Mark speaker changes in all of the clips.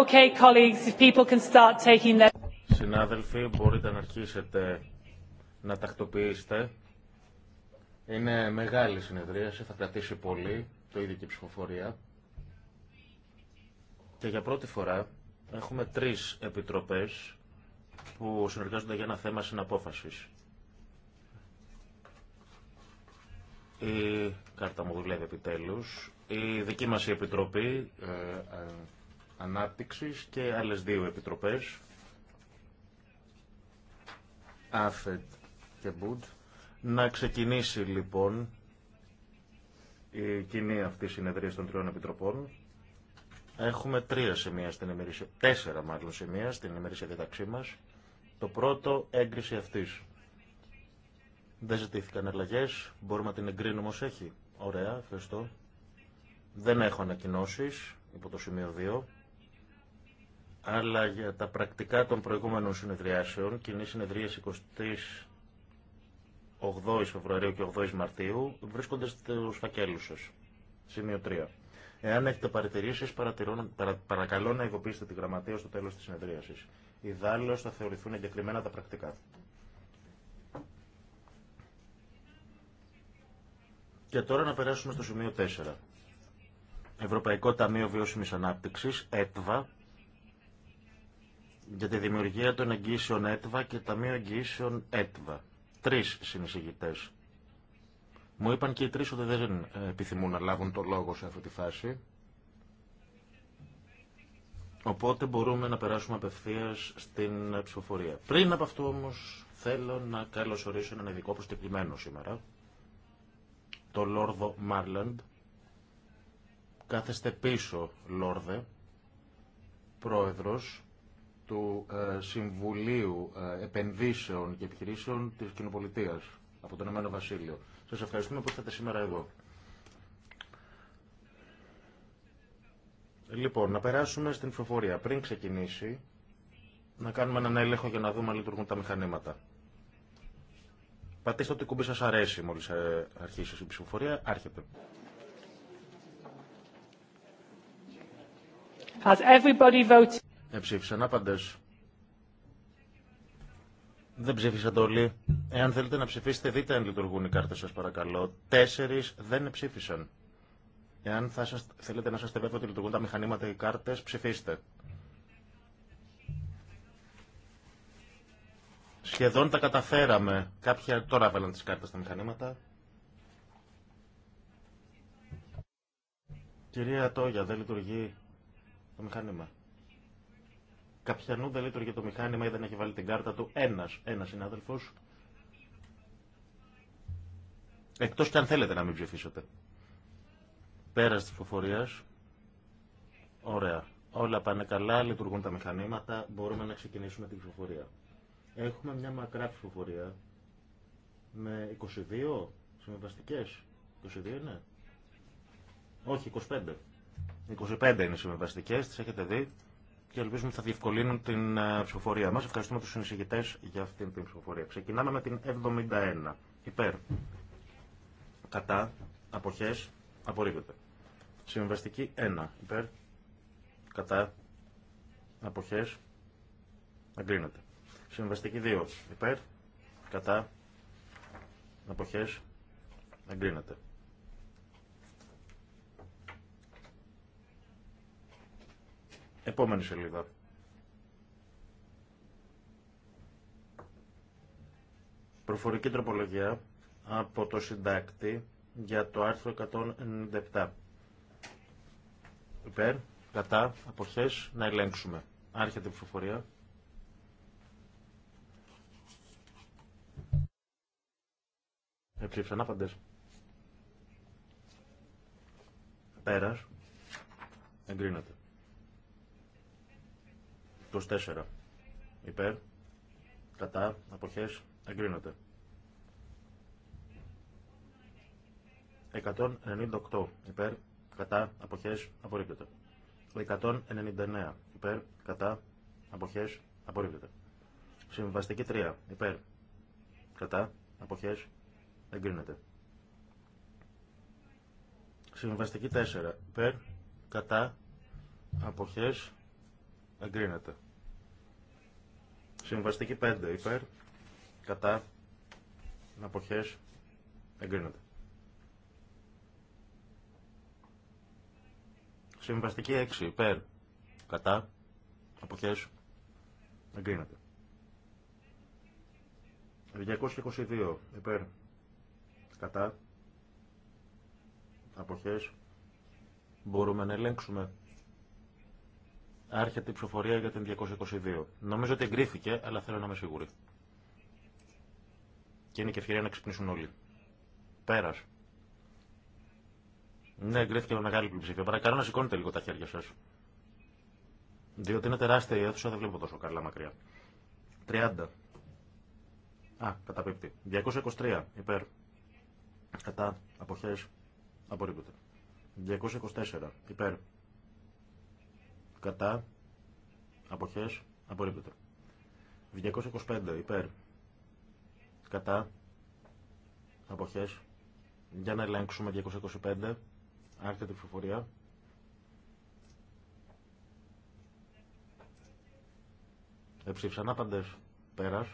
Speaker 1: Okay, colleagues, people can start taking their...
Speaker 2: Συνάδελφοι, μπορείτε να αρχίσετε να τακτοποιήσετε. Είναι μεγάλη συνεδρίαση, θα κρατήσει πολύ, το ίδιο και η ψηφοφορία. Και για πρώτη φορά έχουμε τρεις επιτροπές που συνεργάζονται για ένα θέμα συναπόφασης. Η κάρτα μου δουλεύει επιτέλου, Η δική μας Επιτροπή ε, ε και άλλες δύο επιτροπές, ΑΦΕΤ και ΜΠΟΥΤ, να ξεκινήσει λοιπόν η κοινή αυτή συνεδρία των τριών επιτροπών. Έχουμε τρία σημεία στην ημερήσια, τέσσερα μάλλον σημεία στην ημερήσια διδαξή μας. Το πρώτο έγκριση αυτής. Δεν ζητήθηκαν αλλαγέ. Μπορούμε να την εγκρίνουμε όσο έχει. Ωραία, ευχαριστώ. Δεν έχω ανακοινώσει υπό το σημείο 2. Αλλά για τα πρακτικά των προηγούμενων συνεδριάσεων, κοινή συνεδρία 28 Φεβρουαρίου και 8 Μαρτίου, βρίσκονται στου φακέλου σα. Σημείο 3. Εάν έχετε παρατηρήσει, παρακαλώ να ειδοποιήσετε τη γραμματεία στο τέλο τη συνεδρίαση. Ιδάλω θα θεωρηθούν εγκεκριμένα τα πρακτικά. Και τώρα να περάσουμε στο σημείο 4. Ευρωπαϊκό Ταμείο Βιώσιμης Ανάπτυξης, ΕΤΒΑ, για τη δημιουργία των εγγύσεων ΕΤΒΑ και Ταμείο Εγγύσεων ΕΤΒΑ. Τρεις συνεισηγητές. Μου είπαν και οι τρεις ότι δεν ε, επιθυμούν να λάβουν το λόγο σε αυτή τη φάση. Οπότε μπορούμε να περάσουμε απευθείας στην ε, ψηφοφορία. Πριν από αυτό όμως θέλω να καλωσορίσω έναν ειδικό προσκεκλημένο σήμερα το Λόρδο Μάρλαντ. Κάθεστε πίσω, Λόρδε, πρόεδρος του ε, Συμβουλίου ε, Επενδύσεων και Επιχειρήσεων της Κοινοπολιτείας από το Εμένο Βασίλειο. Σας ευχαριστούμε που ήρθατε σήμερα εδώ. Λοιπόν, να περάσουμε στην ψηφοφορία. Πριν ξεκινήσει, να κάνουμε έναν έλεγχο για να δούμε αν λειτουργούν τα μηχανήματα. Πατήστε ό,τι κουμπί σας αρέσει μόλις ε, αρχίσει η ψηφοφορία. Άρχεται.
Speaker 1: Has everybody voted?
Speaker 2: Εψήφισαν άπαντες. Δεν ψήφισαν όλοι. Εάν θέλετε να ψηφίσετε, δείτε αν λειτουργούν οι κάρτες σας παρακαλώ. Τέσσερις δεν ψήφισαν. Εάν θέλετε να σας βέβαιοι ότι λειτουργούν τα μηχανήματα οι κάρτες, ψηφίστε. Σχεδόν τα καταφέραμε. Κάποια τώρα έβαλαν τις κάρτες στα μηχανήματα. Κυρία Τόγια, δεν λειτουργεί το μηχάνημα. Καπιανού δεν λειτουργεί το μηχάνημα ή δεν έχει βάλει την κάρτα του ένας, ένας συνάδελφος. Εκτός και αν θέλετε να μην ψηφίσετε. Πέρας της ψηφοφορίας. Ωραία. Όλα πάνε καλά, λειτουργούν τα μηχανήματα, μπορούμε να ξεκινήσουμε την ψηφοφορία. Έχουμε μια μακρά ψηφοφορία με 22 συμβαστικέ. 22 είναι. Όχι, 25. 25 είναι συμβαστικέ, τι έχετε δει και ελπίζουμε ότι θα διευκολύνουν την ε, ψηφοφορία μα. Ευχαριστούμε του συνεισηγητέ για αυτήν την ψηφοφορία. Ξεκινάμε με την 71. Υπέρ. Κατά. Αποχέ. Απορρίβεται. Συμβαστική 1. Υπέρ. Κατά. Αποχέ. Αγκρίνεται. Συμβαστική 2. Υπέρ. Κατά. Αποχές. Εγκρίνεται. Επόμενη σελίδα. Προφορική τροπολογία από το συντάκτη για το άρθρο 197. Υπέρ, κατά, αποχές, να ελέγξουμε. Άρχεται η προφορία. Εψήφισαν άπαντες. Πέρας. Εγκρίνεται. 24. Υπέρ. Κατά. Αποχές. Εγκρίνεται. 198. Υπέρ. Κατά. Αποχές. Απορρίπτεται. 199. Υπέρ. Κατά. Αποχές. Απορρίπτεται. Συμβαστική 3. Υπέρ. Κατά. Αποχές. Εγκρίνεται. Συμβαστική 4. Περ, κατά, αποχές, εγκρίνεται. Συμβαστική 5. Υπέρ, κατά, αποχές, εγκρίνεται. Συμβαστική 6. Υπέρ, κατά, αποχές, εγκρίνεται. 222. Υπέρ, Κατά. Αποχές. Μπορούμε να ελέγξουμε. Άρχεται η ψηφοφορία για την 222. Νομίζω ότι εγκρίθηκε, αλλά θέλω να είμαι σίγουρη. Και είναι και ευκαιρία να ξυπνήσουν όλοι. Πέρας. Ναι, εγκρίθηκε με μεγάλη πλειοψηφία. Παρακαλώ να σηκώνετε λίγο τα χέρια σας. Διότι είναι τεράστια η αίθουσα, δεν βλέπω τόσο καλά μακριά. 30. Α, καταπίπτει. 223, υπέρ. Κατά. Αποχές. Απορρίπτεται. 224. Υπέρ. Κατά. Αποχές. Απορρίπτεται. 225. Υπέρ. Κατά. Αποχές. Για να ελέγξουμε 225. Άρχεται η ψηφοφορία. Εψήφισαν άπαντες. Πέρας.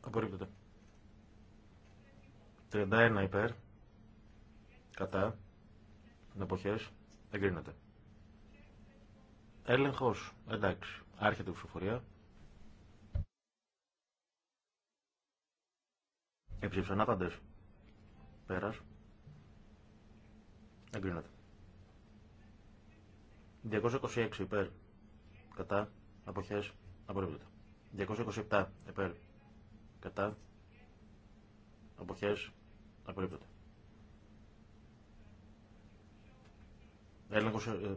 Speaker 2: Απορρίπτεται. 31 υπέρ. Κατά. εποχές, Εγκρίνεται. Έλεγχος. Εντάξει. Άρχεται η ψηφοφορία. Εψήφισαν άπαντες. Πέρας. Εγκρίνεται. 226 υπέρ. Κατά. εποχές, Απορρίπτεται. 227 υπέρ. Κατά. εποχές Απορρίπτεται. Έλεγχος, ε, ε,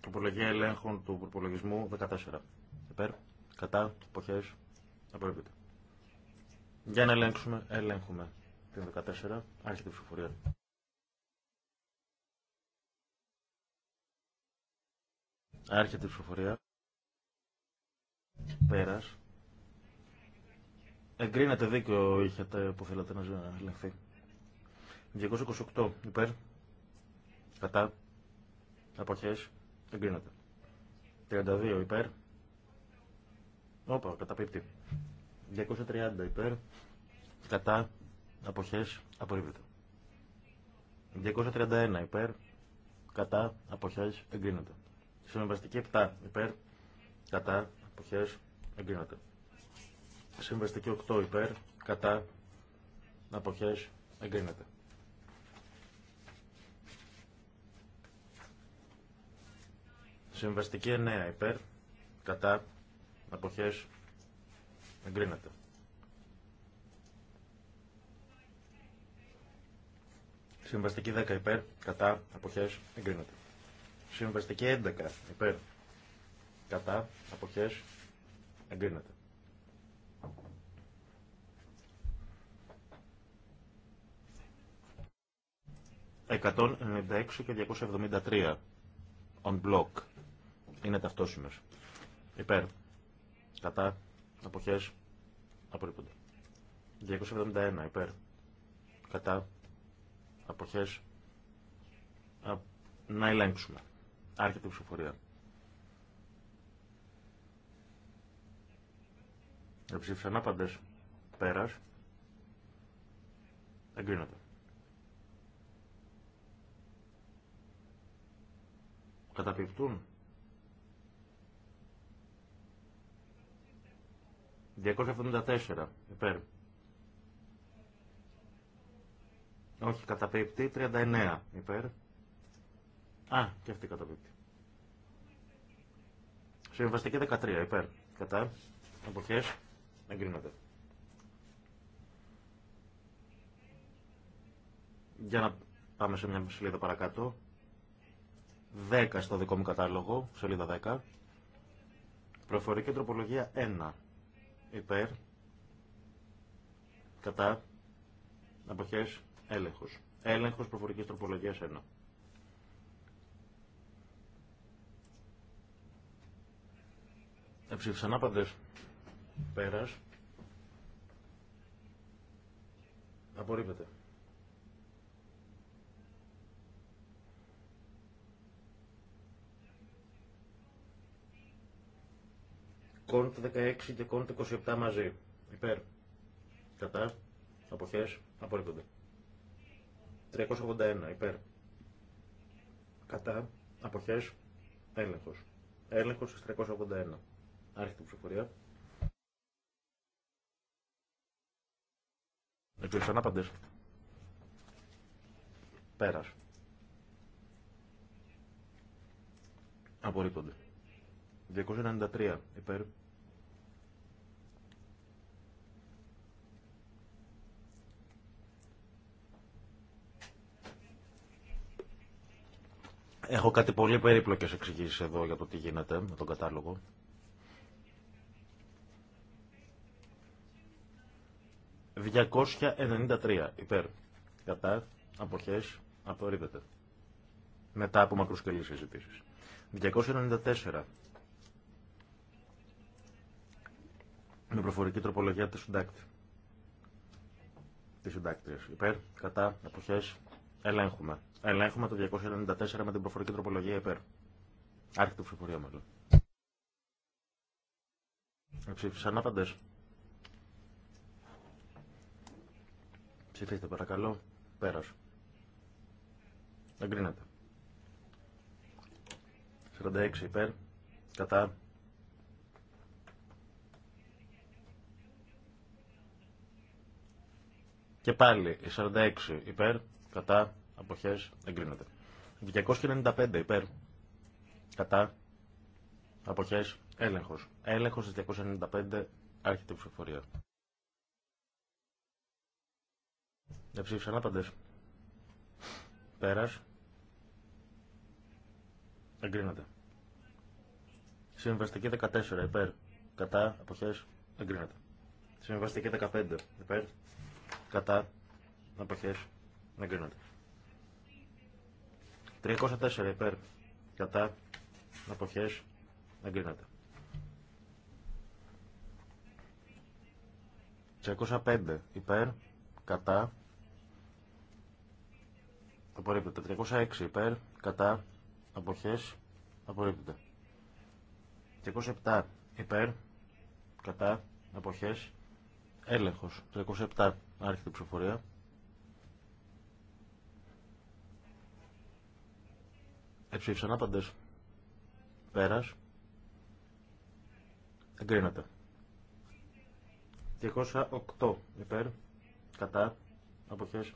Speaker 2: τροπολογία ελέγχων του προπολογισμού 14. Υπέρ, κατά, εποχές, απορρίπτεται. Για να ελέγξουμε, ελέγχουμε την 14, άρχεται την ψηφοφορία. Άρχεται η ψηφοφορία. Πέρας. Εγκρίνεται δίκιο είχατε που θέλατε να ελεγχθεί. 228 υπέρ. Κατά. Αποχές. Εγκρίνεται. 32 υπέρ. Όπα, πίπτη. 230 υπέρ. Κατά. Αποχές. Απορρίβεται. 231 υπέρ. Κατά. Αποχές. Εγκρίνεται. Συμβαστική 7 υπέρ. Κατά. Αποχές. Εγκρίνεται. Συμβαστική 8 υπέρ. Κατά. Αποχές. Εγκρίνεται. Συμβαστική 9 υπέρ, κατά, αποχές, εγκρίνεται. Συμβαστική 10 υπέρ, κατά, αποχές, εγκρίνεται. Συμβαστική 11 υπέρ, κατά, αποχές, εγκρίνεται. ...196 και 273 on block είναι ταυτόσιμε. Υπέρ. Κατά. Αποχές. Απορρίπτονται. 271. Υπέρ. Κατά. Αποχές. Α, να ελέγξουμε. Άρχεται η ψηφοφορία. Εψήφισαν παντέ πέρα Εγκρίνονται. Καταπληκτούν. 274 υπέρ. Όχι, καταπίπτει. 39 υπέρ. Α, και αυτή καταπίπτει. Συμβαστική 13 υπέρ. Κατά. Αποχές. Εγκρίνεται. Για να πάμε σε μια σελίδα παρακάτω. 10 στο δικό μου κατάλογο, σελίδα 10. Προφορική τροπολογία 1 υπέρ, κατά, αποχές, έλεγχος. Έλεγχος προφορικής τροπολογίας 1. Εψήφισαν άπαντες. Πέρας. Απορρίπτεται. Κόντ 16 και κόντ 27 μαζί. Υπέρ. Κατά. Αποχές. Απορρίπτονται. 381. Υπέρ. Κατά. Αποχές. Έλεγχος. Έλεγχος στις 381. Άρχεται η ψηφοφορία. αν ανάπαντες. Πέρας. Απορρίπτονται. 293 υπέρ. Έχω κάτι πολύ περίπλοκες εξηγήσει εδώ για το τι γίνεται με τον κατάλογο. ...293 υπέρ κατά αποχές απορρίπτεται. Μετά από μακροσκελή συζητήσεις. 294 με προφορική τροπολογία τη συντάκτη. Τη συντάκτρια. Υπέρ, κατά, εποχέ. Ελέγχουμε. Ελέγχουμε το 294 με την προφορική τροπολογία υπέρ. Άρχεται του ψηφοφορία μάλλον. Ψήφισαν άπαντε. Ψηφίστε παρακαλώ. πέρα. Εγκρίνεται. 46 υπέρ. Κατά. Και πάλι, η 46 υπέρ, κατά, αποχές, εγκρίνεται. 295 υπέρ, κατά, αποχές, έλεγχος. Έλεγχος στις 295, άρχεται η ψηφοφορία. Δεν ψήφισαν άπαντες. Πέρας. Εγκρίνεται. Συμβαστική 14 υπέρ, κατά, αποχές, εγκρίνεται. Συμβαστική 15 υπέρ, Κατά. Αποχές. Εγκρίνεται. 304 υπέρ. Κατά. Αποχές. Εγκρίνεται. 305 υπέρ. Κατά. Απορρίπτεται. 306 υπέρ. Κατά. Αποχές. Απορρίπτεται. 307 υπέρ. Κατά. Αποχές. Έλεγχος. 307. Άρχεται η ψηφοφορία. Εψήφισαν άπαντες. Πέρας. Εγκρίνεται. 208 υπέρ. Κατά. Αποχές.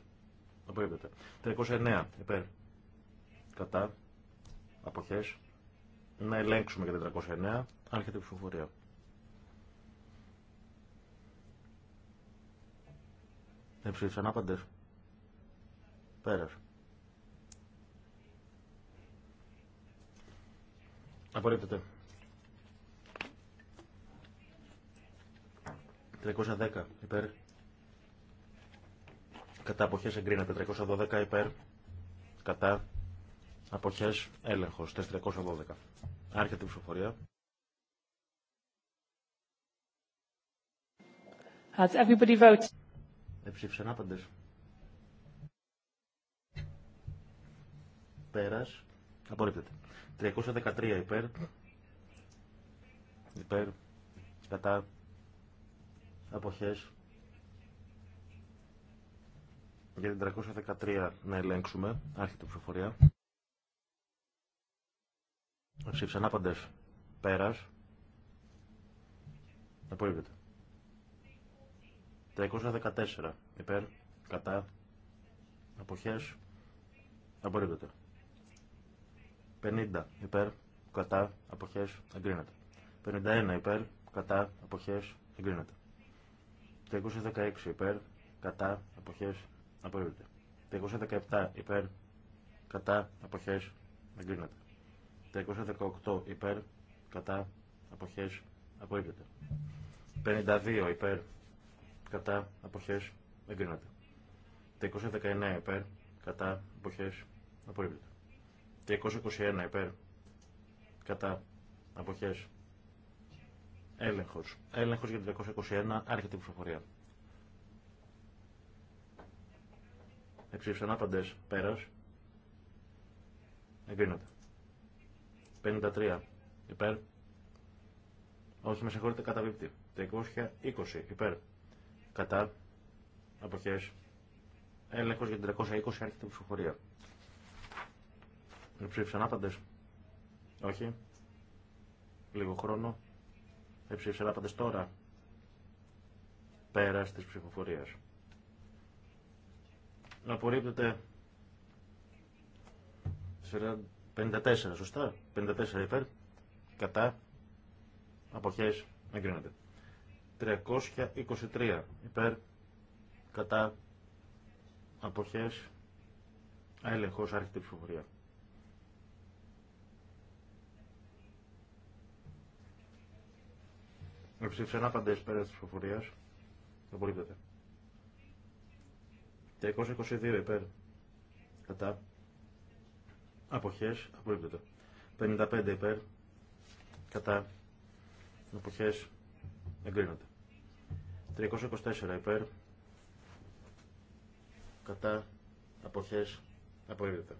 Speaker 2: Απορρίπτεται. 309 υπέρ. Κατά. Αποχές. Να ελέγξουμε για 309 Άρχεται η ψηφοφορία. Εψήφισαν άπαντες. Πέρας. Απορρίπτεται. 310 υπέρ. Κατά αποχές εγκρίνεται. 312 υπέρ. Κατά αποχές έλεγχο 412. Άρχεται η ψηφοφορία.
Speaker 1: Has everybody voted?
Speaker 2: Εψήφισαν άπαντες. Πέρας. Απορρίπτεται. 313 υπέρ. Υπέρ. Κατά. Αποχές. Για την 313 να ελέγξουμε. Άρχεται η ψηφοφορία. Ψήφισαν άπαντες. Πέρας. Απορρίπτεται. 314 υπέρ, κατά, αποχές, απορρίπτεται. 50 υπέρ, κατά, αποχές, εγκρίνεται. 51 υπέρ, κατά, αποχές, εγκρίνεται. 316 υπέρ, κατά, αποχές, απορρίπτεται. 317 υπέρ, κατά, αποχές, εγκρίνεται. 318 υπέρ, κατά, αποχές, απορρίπτεται. 52 υπέρ, κατά αποχές εγκρίνεται. Τα 219 υπέρ κατά αποχές απορρίπτεται. Τα 221 υπέρ κατά αποχές έλεγχος. Έλεγχος για το 221 άρχεται η ψηφοφορία. Εψήφισαν άπαντες πέρας. Εγκρίνονται. 53 υπέρ. Όχι, με συγχωρείτε, Τα 220 υπέρ. Κατά. Αποχές. Έλεγχο για την 320 έρχεται ψηφοφορία. Εψήφισαν άπαντες. Όχι. Λίγο χρόνο. Εψήφισαν άπαντες τώρα. Πέρας της ψηφοφορία, Απορρίπτεται 54, σωστά. 54 υπέρ. Κατά. Αποχέ. Εγκρίνεται. 323 υπέρ κατά αποχές έλεγχος άρχιτη ψηφοφορία. Ψήφισε να απαντές πέρα της ψηφοφορίας. Απολύπτεται. 322 υπέρ κατά αποχές απολύπτεται. 55 υπέρ κατά αποχές Εγκρίνονται. 324 υπέρ. Κατά. Αποχές. Απορρίπτεται.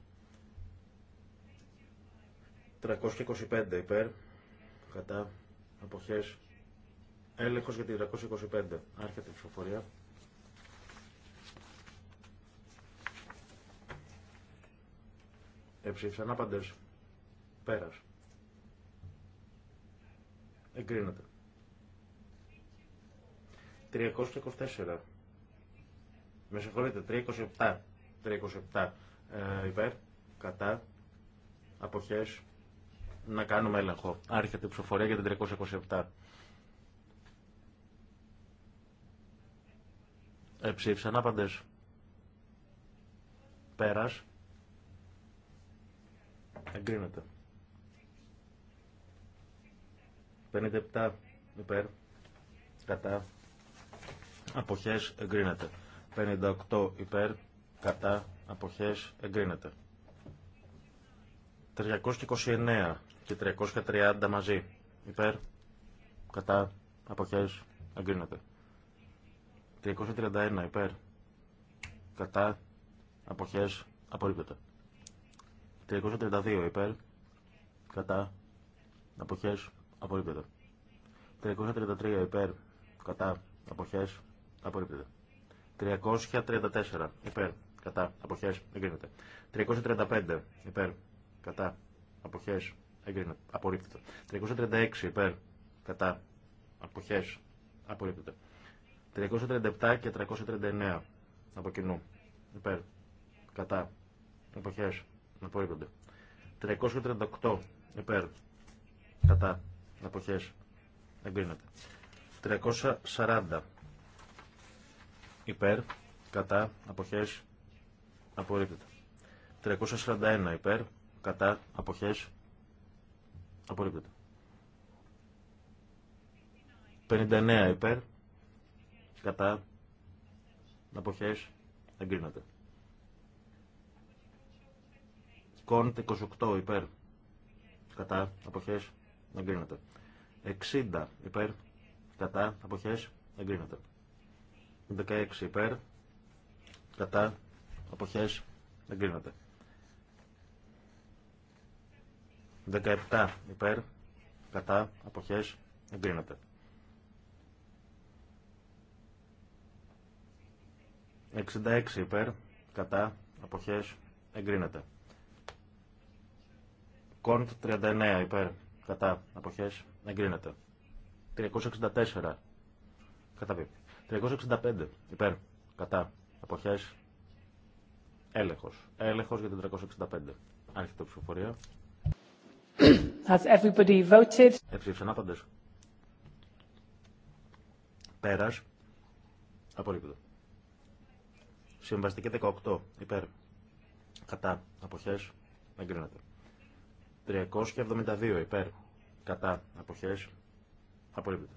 Speaker 2: 325 υπέρ. Κατά. Αποχές. Έλεγχος για τη 325. Άρχεται η ψηφοφορία. Εψήφισαν άπαντες. Πέρας. Εγκρίνονται. 324. Με συγχωρείτε, 327. 327 ε, υπέρ, κατά, αποχέ να κάνουμε έλεγχο. Άρχεται η ψηφοφορία για την 327. Εψήφισαν ε, άπαντες. Πέρας. Εγκρίνεται. 57 υπέρ. Κατά αποχές εγκρίνεται. 58 υπέρ, κατά, αποχές εγκρίνεται. 329 και 330 μαζί υπέρ, κατά, αποχές εγκρίνεται. 331 υπέρ, κατά, αποχές απορρίπτεται. 332 υπέρ, κατά, αποχές απορρίπτεται. 333 υπέρ, κατά, αποχές Απορρίπτεται. 334 υπέρ. Κατά. Αποχέ. Εγκρίνεται. 335 υπέρ. Κατά. Αποχέ. Εγκρίνεται. Απορρίπτεται. 336 υπέρ. Κατά. Αποχέ. Απορρίπτεται. 337 και 339 από κοινού. Υπέρ. Κατά. Αποχέ. Απορρίπτονται. 338 υπέρ. Κατά. Αποχέ. Εγκρίνεται. 340 υπέρ, κατά, αποχές, απορρίπτεται. 341 υπέρ, κατά, αποχές, απορρίπτεται. 59 υπέρ, κατά, αποχές, εγκρίνεται. Κόντ 28 υπέρ, κατά, αποχές, εγκρίνεται. 60 υπέρ, κατά, αποχές, εγκρίνεται. 16 υπέρ. Κατά. Αποχές. Εγκρίνεται. 17 υπέρ. Κατά. Αποχές. Εγκρίνεται. 66 υπέρ. Κατά. Αποχές. Εγκρίνεται. Κοντ 39 υπέρ. Κατά. Αποχές. Εγκρίνεται. 364. Καταπίπτει. 365 υπέρ, κατά, αποχές, Έλεγχο. Έλεγχο για την 365. Άρχεται η ψηφοφορία.
Speaker 1: Has everybody voted?
Speaker 2: Εψήφισαν άπαντες. Πέρας. Απορρίπτω. Συμβαστική 18. Υπέρ. Κατά. Αποχές. Εγκρίνεται. 372. Υπέρ. Κατά. Αποχές. Απολύπτω.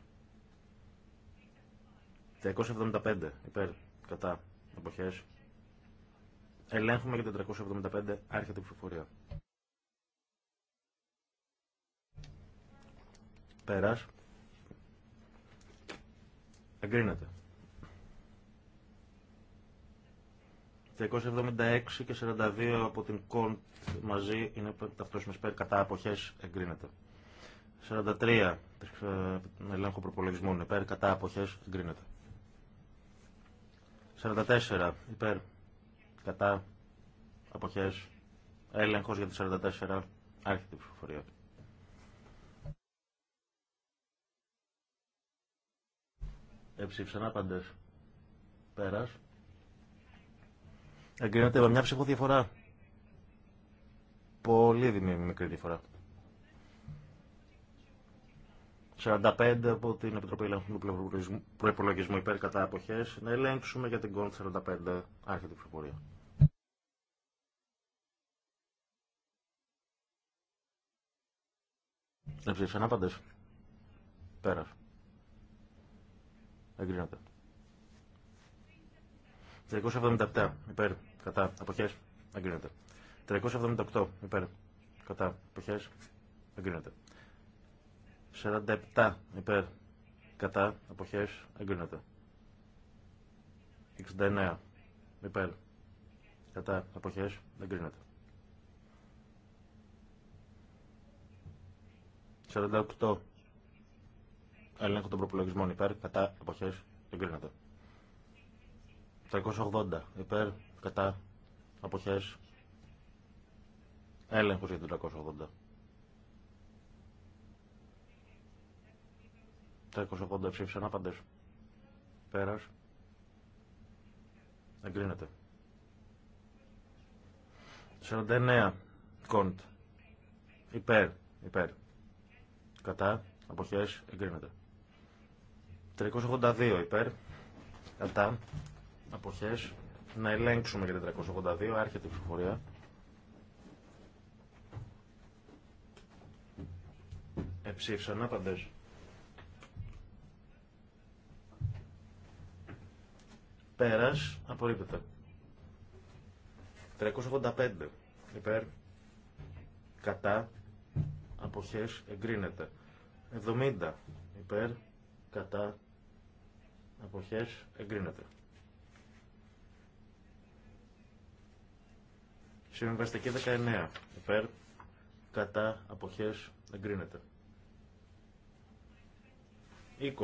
Speaker 2: 375 υπέρ κατά εποχές. Ελέγχουμε για το 375 άρχεται την ψηφοφορία. Πέρας. Εγκρίνεται. 276 και 42 από την κοντ μαζί είναι ταυτόσιμες υπέρ κατά αποχές εγκρίνεται. 43 ελέγχου είναι υπέρ κατά αποχές εγκρίνεται. 44 υπέρ κατά αποχές έλεγχος για το 44 άρχεται η ψηφοφορία. Εψήφισαν άπαντες. Πέρας. Εγκρίνεται με μια ψηφοδιαφορά. Πολύ μικρή διαφορά. 45 από την Επιτροπή Ελέγχου του Προπολογισμού υπέρ κατά αποχέ, Να ελέγξουμε για την κόντ 45. Άρχεται η ψηφοφορία. Δεν ψήφισαν άπαντες. Εγκρίνεται. 377 υπέρ κατά αποχές. Εγκρίνεται. 378 υπέρ κατά αποχές. Εγκρίνεται. 47 υπέρ κατά αποχές εγκρίνεται. 69 υπέρ κατά αποχές εγκρίνεται. 48 έλεγχο των προπολογισμών υπέρ κατά αποχές εγκρίνεται. 380 υπέρ κατά αποχές έλεγχος για την 380. 380 ψήφισαν άπαντες. Πέρας. Εγκρίνεται. 49. Κοντ. Υπέρ. Υπέρ. Κατά. αποχέ, Εγκρίνεται. 382 υπέρ. Κατά. απόχέ Να ελέγξουμε για τα 382. Άρχεται η ψηφοφορία. Εψήφισαν άπαντε. Πέρας, απορρίπτεται. 385 υπέρ, κατά, αποχές, εγκρίνεται. 70 υπέρ, κατά, αποχές, εγκρίνεται. Συμβαστική 19 υπέρ, κατά, αποχές, εγκρίνεται. 20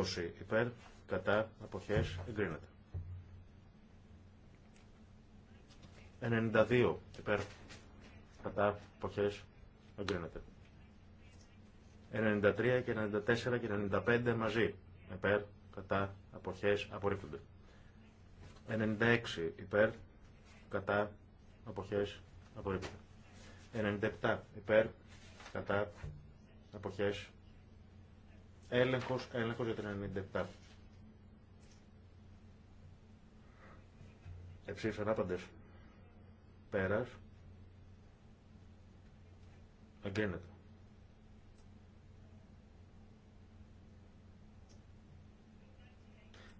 Speaker 2: υπέρ, κατά, αποχές, εγκρίνεται. 92 υπέρ κατά δεν εγκρίνεται. 93 και 94 και 95 μαζί υπέρ κατά αποχές απορρίπτονται. 96 υπέρ κατά αποχές απορρίπτονται. 97 υπέρ κατά αποχές έλεγχος, έλεγχος για την 97. Εψήφισαν άπαντες. Πέρας. Εγκρίνεται.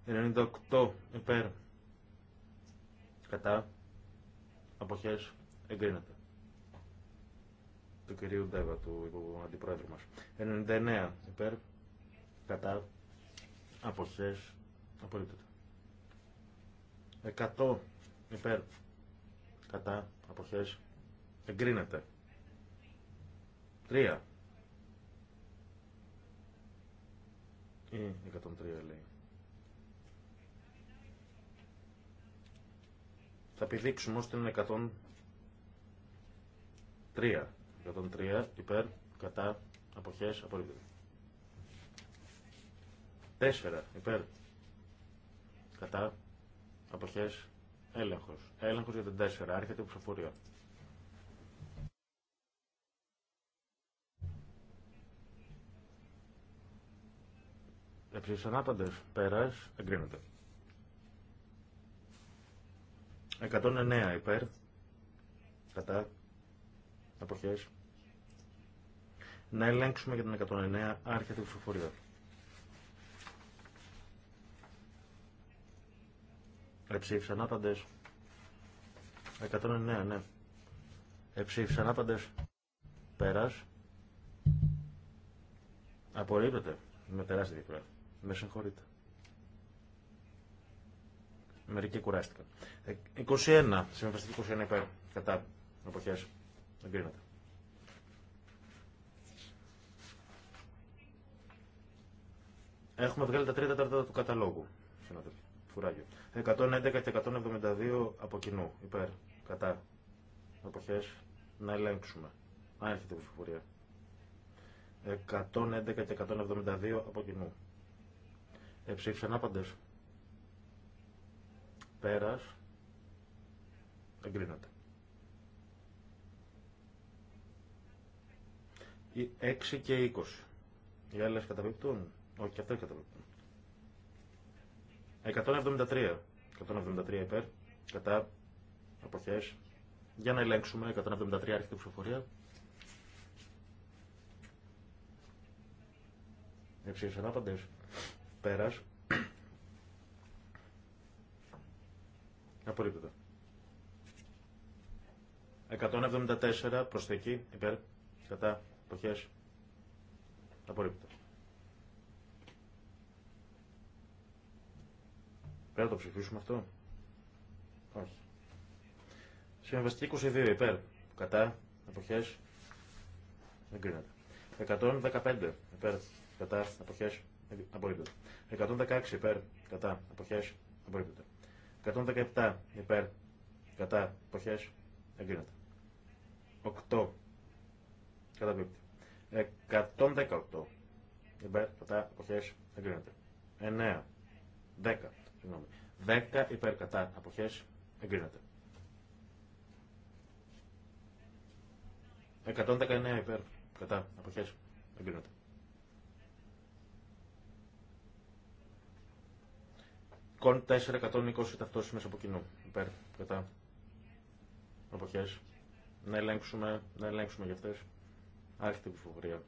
Speaker 2: Ενενήντα οκτώ υπέρ. Κατά. Αποχές. Εγκρίνεται. Του κυρίου Ντέβα, του αντιπρόεδρου μας. 99 υπέρ. Κατά. Αποχές. Απολύτωτα. 100 υπέρ Κατά. Αποχές. Εγκρίνεται. 3. Ή 103 λέει. Θα πηδήξουμε ώστε την 103. 103 υπέρ, κατά, αποχές, απορρίπτεται. 4 υπέρ, κατά, αποχές, Έλεγχος. Έλεγχος για την 4. Άρχεται η ψηφοφορία. Επίσης ανάπαντες. Πέρας. Εγκρίνεται. 109 υπέρ. Κατά. Αποχές. Να ελέγξουμε για την 109. Άρχεται η ψηφοφορία. Εψήφισαν άπαντε. 109, ναι. Εψήφισαν άπαντε. Πέρας. Απορρίπτεται. Με τεράστια διαφορά. Με συγχωρείτε. Μερικοί κουράστηκαν. 21. Συμβαστική 21 υπέρ. Κατά. Εποχές. Εγκρίνεται. Έχουμε βγάλει τα τρίτα τέταρτα του καταλόγου. Συνοδεύει. Φουράγιο. 111 και 172 από κοινού. Υπέρ. Κατά. Εποχέ. Να ελέγξουμε. έρχεται η ψηφοφορία. 111 και 172 από κοινού. Εψήφισαν άπαντε. Πέρα. Εγκρίνεται. Οι 6 και 20. Οι άλλε καταπληκτούν. Όχι, και αυτέ καταπληκτούν. 173. 173 υπέρ. Κατά. Αποχές. Για να ελέγξουμε. 173 άρχεται ψηφοφορία. Εξής, ανάπαντες. Πέρας. Απορρίπτεται. 174 προσθήκη υπέρ. Κατά. Αποχές. Απορρίπτεται. Πρέπει να το ψηφίσουμε αυτό. Όχι. Συμβαστική 22 υπέρ. Κατά. Εποχές. Εγκρίνεται. 115 υπέρ. Κατά. Εποχές. Απορρίπτεται. 116 υπέρ. Κατά. Εποχές. Απορρίπτεται. 117 υπέρ. Κατά. Εποχές. Εγκρίνεται. 8. Καταπίπτει. 118 υπέρ. Κατά. Εποχές. Εγκρίνεται. 9. 10 Συγγνώμη. 10 υπέρ κατά αποχέ. εγκρίνεται. 119 υπέρ κατά αποχέ. εγκρίνεται. Κον 420 ταυτόσιμε από κοινού υπέρ κατά αποχέ. Να ελέγξουμε, να ελέγξουμε για αυτέ Άρχεται η ψηφοφορία.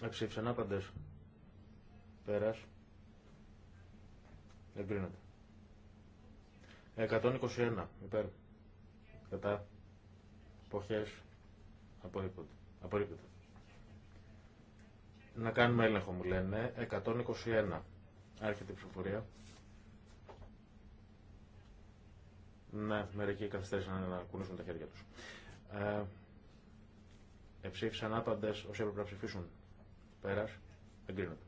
Speaker 2: Εψήφισαν άπαντες. Πέρας. Εγκρίνεται. 121. Υπέρ. Κατά. Ποχές. Απορρίπτωτο. Απορρίπτωτο. Να κάνουμε έλεγχο μου λένε. 121. Άρχεται η ψηφοφορία. Ναι, μερικοί καθυστέρησαν να κουνήσουν τα χέρια τους. Ε, εψήφισαν άπαντες όσοι έπρεπε να ψηφίσουν. Πέρας. Εγκρίνεται.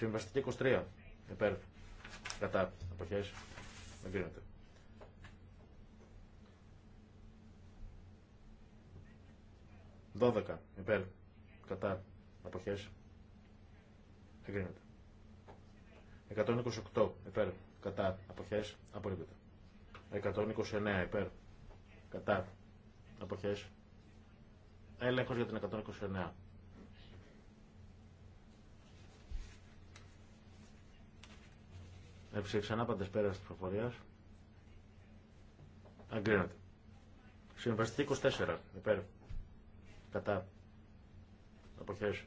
Speaker 2: Συμβαστική 23. Υπέρ. Κατά. Αποχές. Εγκρίνεται. 12 Υπέρ. Κατά. Αποχές. Εγκρίνεται. 128. Υπέρ. Κατά. Αποχές. Απορρίπτεται. 129. Υπέρ. Κατά. Αποχές. Έλεγχος για την 129. ξανά πάντα πέρα τη προφορία. Αγκρίνεται. Συμβαστική 24. Υπέρ. Κατά. Αποχέ.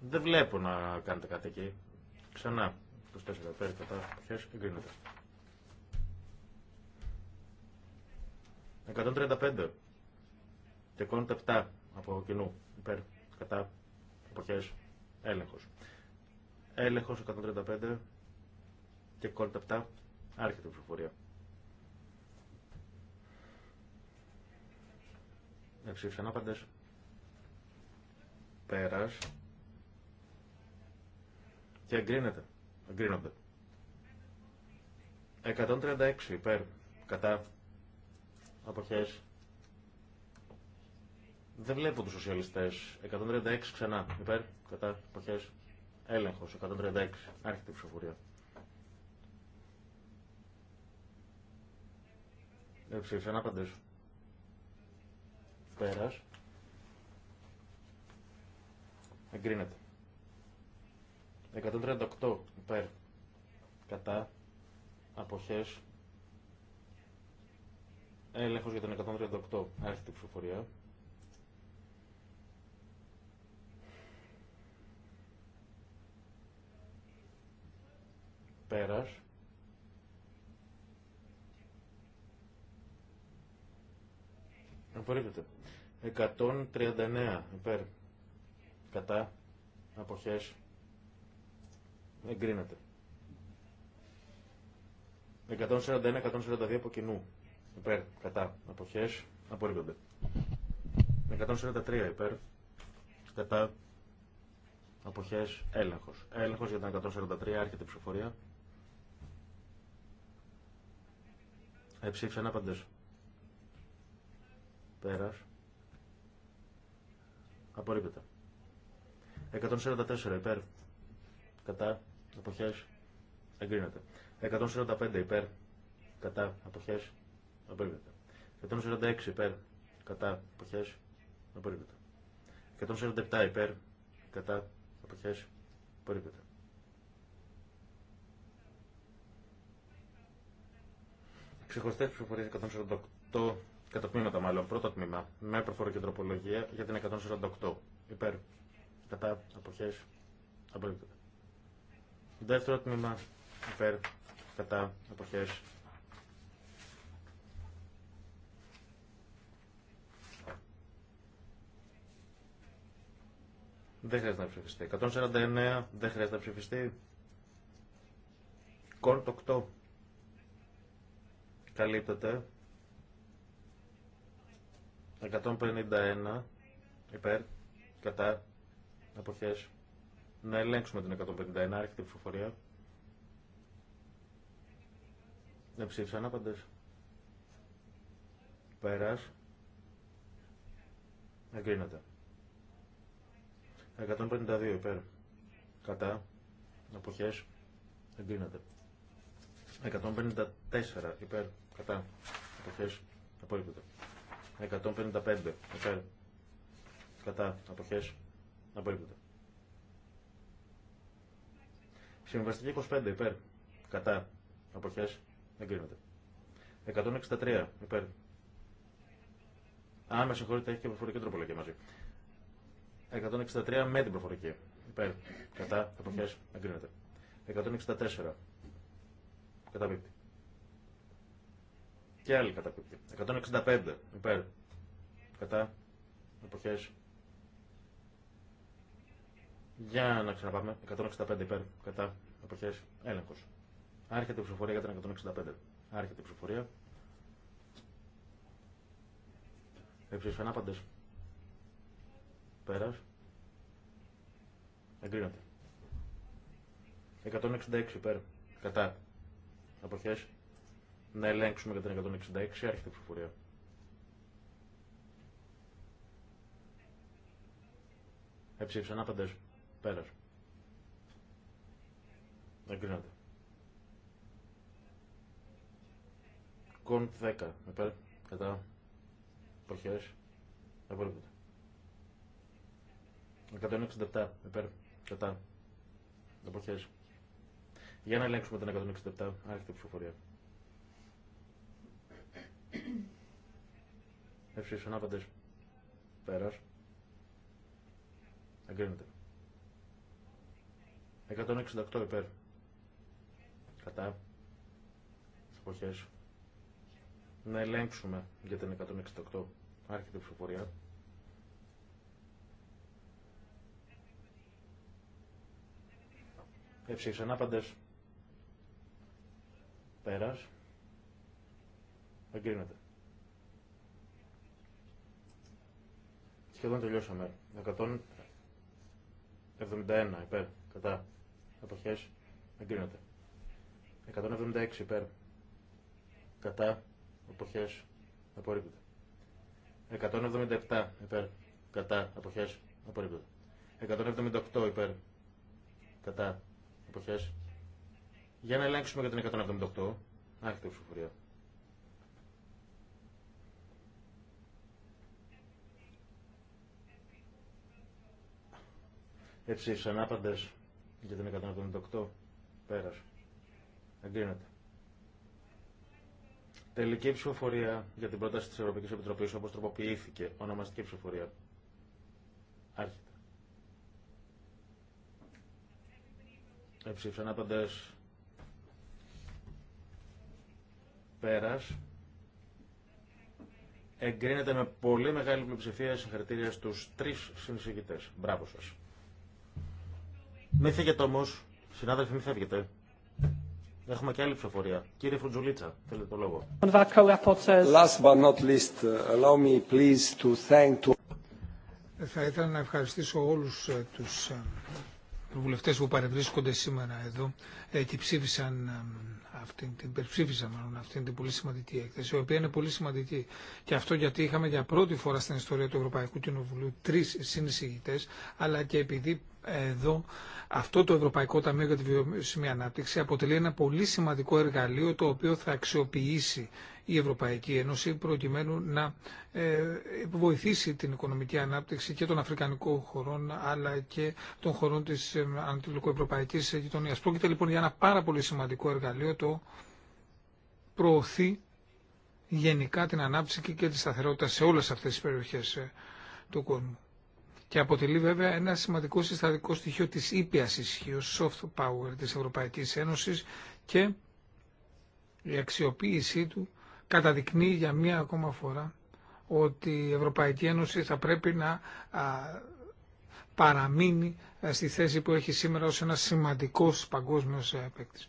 Speaker 2: Δεν βλέπω να κάνετε κάτι εκεί. Ξανά. 24. Υπέρ. Κατά. Αποχέ. Αγκρίνεται. 135 Τεκώνεται 7 από κοινού υπέρ κατά εποχές έλεγχος. Έλεγχος 135 και κόλτα αυτά άρχεται η ψηφοφορία. Εψήφισαν άπαντες. Πέρας. Και εγκρίνεται. Εγκρίνονται. 136 υπέρ. Κατά. Αποχές. Δεν βλέπω τους σοσιαλιστές. 136 ξανά. Υπέρ. Κατά. Αποχές. Έλεγχος. 136. Άρχεται η ψηφοφορία. Ε, ψήφισε να απαντήσω. Πέρας. Εγκρίνεται. 138 υπέρ. Κατά. αποχέ. Έλεγχος για τον 138. Άρχεται η ψηφοφορία. Πέρας. Απορρίπτεται. 139 υπέρ. Κατά. Αποχές. Εγκρίνεται. 141-142 από κοινού. Υπέρ. Κατά. Αποχές. Απορρίπτονται. 143 υπέρ. Κατά. Αποχές. Έλεγχος. Έλεγχος για τα 143. Άρχεται η ψηφοφορία. Εψήφισαν άπαντες. Πέρας. Απορρίπτεται. 144 υπέρ. Κατά. Αποχές. Εγκρίνεται. 145 υπέρ. Κατά. Αποχές. Απορρίπτεται. 146 υπέρ. Κατά. Αποχές. Απορρίπτεται. 147 υπέρ. Κατά. Αποχές. Απορρίπτεται. Ξεχωριστέ ψηφοφορίες 148 Κατά τμήματα μάλλον. Πρώτο τμήμα. Με προφορική τροπολογία για την 148. Υπέρ. Κατά αποχέ. Απολύτω. Δεύτερο τμήμα. Υπέρ. Κατά αποχέ. Δεν χρειάζεται να ψηφιστεί. 149 δεν χρειάζεται να ψηφιστεί. Κόρτ 8. Καλύπτεται. 151 υπέρ, κατά, αποχές. Να ελέγξουμε την 151, άρχεται η ψηφοφορία. Δεν ψήφισαν άπαντες. Πέρας. Εγκρίνεται. 152 υπέρ. Κατά. Αποχές. Εγκρίνεται. 154 υπέρ. Κατά. Αποχές. Απορρίπτεται. 155 υπέρ κατά αποχές απορρίπτεται. Συμβαστική 25 υπέρ κατά αποχές εγκρίνεται. 163 υπέρ. Α, με συγχωρείτε, έχει και προφορική τροπολογία μαζί. 163 με την προφορική. Υπέρ. Κατά αποχές εγκρίνεται. 164. Καταπίπτει. Και άλλη καταπίπτει. 165 υπέρ. Κατά. Εποχέ. Για να ξαναπάμε. 165 υπέρ. Κατά. εποχέ, Έλεγχος. Άρχεται η ψηφοφορία για την 165. Άρχεται η ψηφοφορία. Εψήφισαν άπαντες. Πέρας. Εγκρίνεται. 166 υπέρ. Κατά. Εποχέ να ελέγξουμε για την 166, άρχεται η ψηφοφορία. Εψήφισαν άπαντες. Πέρας. Εγκρίνεται. Κοντ 10. πέρα, Κατά. εποχέ, Απορρίπτεται. 167. Υπέρ. Κατά. Αποχές. Για να ελέγξουμε την 167. Άρχεται η ψηφοφορία. Εύσεις ανάπαντες πέρας. Εγκρίνεται. 168 υπέρ. Κατά. Εποχές. Να ελέγξουμε για την 168. Άρχεται ψηφοφορία. Έψηφες ανάπαντες. Πέρας. Εγκρίνεται. Σχεδόν τελειώσαμε. 171 υπέρ. Κατά. Αποχές. Εγκρίνεται. 176 υπέρ. Κατά. Αποχές. Απορρίπτεται. 177 υπέρ. Κατά. Αποχές. Απορρίπτεται. 178 υπέρ. Κατά. Εποχές. Για να ελέγξουμε για την 178. άρχιτε ψηφοφορία. Εψήφισαν ανάπαντες για την 178. Πέρας. Εγκρίνεται. Τελική ψηφοφορία για την πρόταση της Ευρωπαϊκής Επιτροπής όπως τροποποιήθηκε. Ονομαστική ψηφοφορία. Άρχεται. Εψήφισαν ανάπαντες. Πέρας. Εγκρίνεται με πολύ μεγάλη πλειοψηφία συγχαρητήρια στους τρεις συνεισηγητές. Μπράβο σας. Μην φύγετε όμω. Συνάδελφοι, μην φεύγετε. Έχουμε και άλλη ψηφοφορία. Κύριε Φρουτζουλίτσα, θέλετε το λόγο.
Speaker 1: Θα ήθελα να ευχαριστήσω όλους ε, ε, τους βουλευτές που παρευρίσκονται σήμερα εδώ ε, και ψήφισαν αυτήν την, υπερψήφισαν μάλλον την πολύ σημαντική έκθεση, η οποία είναι πολύ σημαντική. Και αυτό γιατί είχαμε για πρώτη φορά στην ιστορία του Ευρωπαϊκού Κοινοβουλίου τρει συνεισηγητέ, αλλά και επειδή εδώ αυτό το Ευρωπαϊκό Ταμείο για τη Βιώσιμη Ανάπτυξη αποτελεί ένα πολύ σημαντικό εργαλείο το οποίο θα αξιοποιήσει η Ευρωπαϊκή Ένωση προκειμένου να ε, βοηθήσει την οικονομική ανάπτυξη και των Αφρικανικών χωρών αλλά και των χωρών της ε, Ανατολικοευρωπαϊκής Γειτονίας. Πρόκειται λοιπόν για ένα πάρα πολύ σημαντικό εργαλείο το προωθεί γενικά την ανάπτυξη και τη σταθερότητα σε όλες αυτές τις περιοχές ε, του κόσμου και αποτελεί βέβαια ένα σημαντικό συστατικό στοιχείο της ήπιας ισχύω soft power της Ευρωπαϊκής Ένωσης και η αξιοποίησή του καταδεικνύει για μία ακόμα φορά ότι η Ευρωπαϊκή Ένωση θα πρέπει να παραμείνει ε, στη θέση που έχει σήμερα ως ένας σημαντικός παγκόσμιος ε, παίκτης.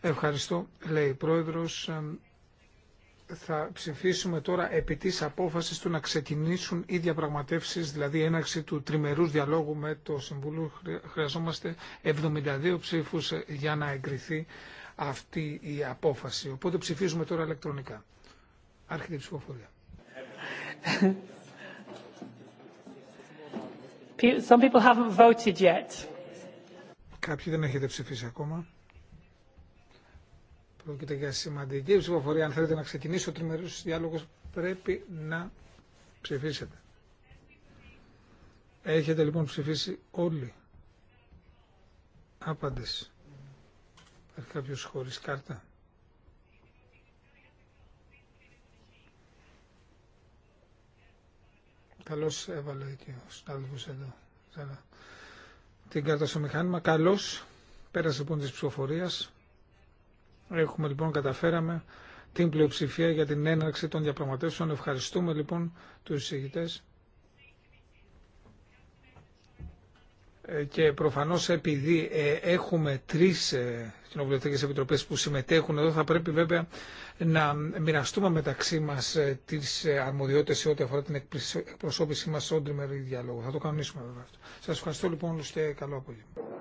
Speaker 1: Ευχαριστώ, λέει η Πρόεδρος. Ε, θα ψηφίσουμε τώρα επί της απόφασης του να ξεκινήσουν οι διαπραγματεύσεις, δηλαδή έναρξη του τριμερούς διαλόγου με το Συμβούλιο. Χρειαζόμαστε 72 ψήφους ε, για να εγκριθεί αυτή η απόφαση. Οπότε ψηφίζουμε τώρα ηλεκτρονικά. Άρχεται η ψηφοφορία. Some people haven't voted yet. Κάποιοι δεν έχετε ψηφίσει ακόμα. Πρόκειται για σημαντική ψηφοφορία. Αν θέλετε να ξεκινήσει ο τριμερούς διάλογο πρέπει να ψηφίσετε. Έχετε λοιπόν ψηφίσει όλοι. Άπαντες. Υπάρχει κάποιος χωρί κάρτα. Καλώ έβαλε και ο συνάδελφο εδώ. Την κάρτα στο μηχάνημα. Καλώς. Πέρασε λοιπόν τη ψηφοφορία. Έχουμε λοιπόν καταφέραμε την πλειοψηφία για την έναρξη των διαπραγματεύσεων. Ευχαριστούμε λοιπόν τους εισηγητές. Ε, και προφανώς επειδή ε, έχουμε τρεις ε, κοινοβουλευτικές επιτροπές που συμμετέχουν εδώ θα πρέπει βέβαια να μοιραστούμε μεταξύ μας τις αρμοδιότητες σε ό,τι αφορά την εκπροσώπησή μας στον τριμερή διάλογο. Θα το κανονίσουμε βέβαια αυτό. Σας ευχαριστώ λοιπόν όλους και καλό απόγευμα.